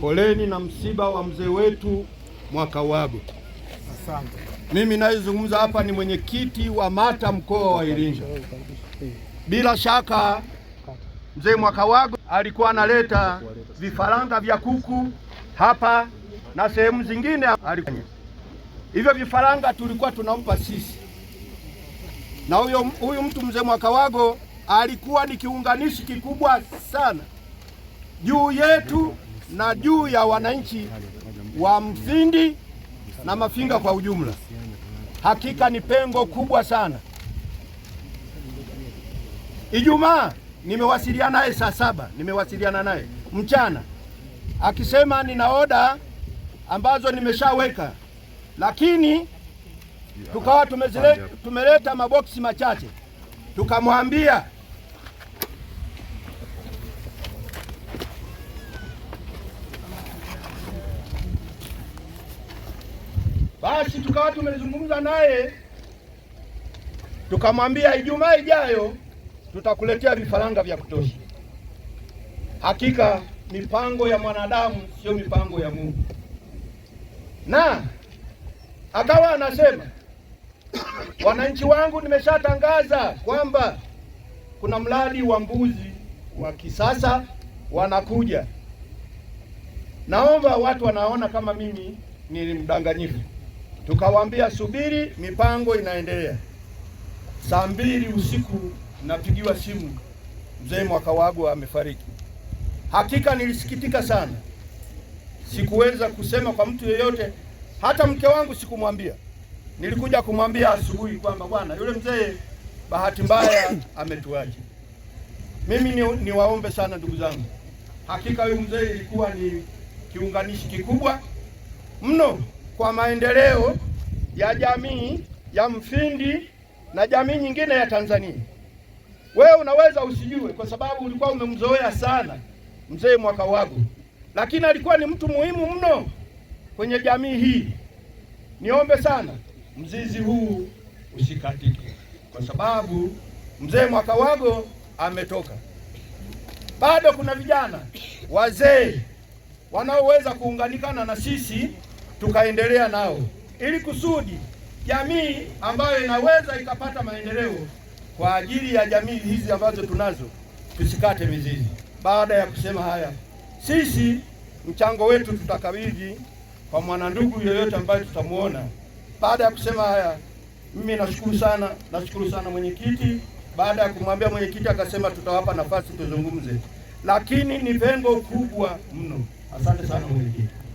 poleni na msiba wa mzee wetu wabu. Asante. Mimi nayezungumza hapa ni mwenyekiti wa MATA mkoa wa Iringa. Bila shaka mzee Mwakauago alikuwa analeta vifaranga vya kuku hapa na sehemu zingine alikuwa. Hivyo vifaranga tulikuwa tunampa sisi, na huyo huyu mtu mzee Mwakauago alikuwa ni kiunganishi kikubwa sana juu yetu na juu ya wananchi wa mfindi na Mafinga kwa ujumla. Hakika ni pengo kubwa sana. Ijumaa nimewasiliana naye saa saba, nimewasiliana naye mchana akisema nina oda ambazo nimeshaweka, lakini tukawa tumeleta maboksi machache, tukamwambia Basi tukawa tumezungumza naye tukamwambia, Ijumaa ijayo tutakuletea vifaranga vya kutosha. Hakika mipango ya mwanadamu sio mipango ya Mungu, na akawa anasema wananchi wangu, nimeshatangaza kwamba kuna mradi wa mbuzi wa kisasa wanakuja. Naomba watu wanaona kama mimi ni mdanganyifu tukawaambia subiri, mipango inaendelea. Saa mbili usiku napigiwa simu, mzee Mwakawagwa amefariki. Hakika nilisikitika sana, sikuweza kusema kwa mtu yeyote, hata mke wangu sikumwambia. Nilikuja kumwambia asubuhi kwamba bwana, yule mzee bahati mbaya ametuacha. Mimi ni, niwaombe sana ndugu zangu, hakika huyu mzee ilikuwa ni kiunganishi kikubwa mno kwa maendeleo ya jamii ya Mfindi na jamii nyingine ya Tanzania. Wewe unaweza usijue kwa sababu ulikuwa umemzoea sana mzee mwaka wako, lakini alikuwa ni mtu muhimu mno kwenye jamii hii. Niombe sana mzizi huu usikatike, kwa sababu mzee mwaka ametoka. Bado kuna vijana wazee wanaoweza kuunganikana na sisi tukaendelea nao ili kusudi jamii ambayo inaweza ikapata maendeleo kwa ajili ya jamii hizi ambazo tunazo tusikate mizizi. Baada ya kusema haya, sisi mchango wetu tutakabidhi kwa mwanandugu yoyote ambaye tutamuona. Baada ya kusema haya, mimi nashukuru sana, nashukuru sana mwenyekiti. Baada ya kumwambia mwenyekiti, akasema tutawapa nafasi tuzungumze, lakini ni pengo kubwa mno. Asante sana mwenyekiti.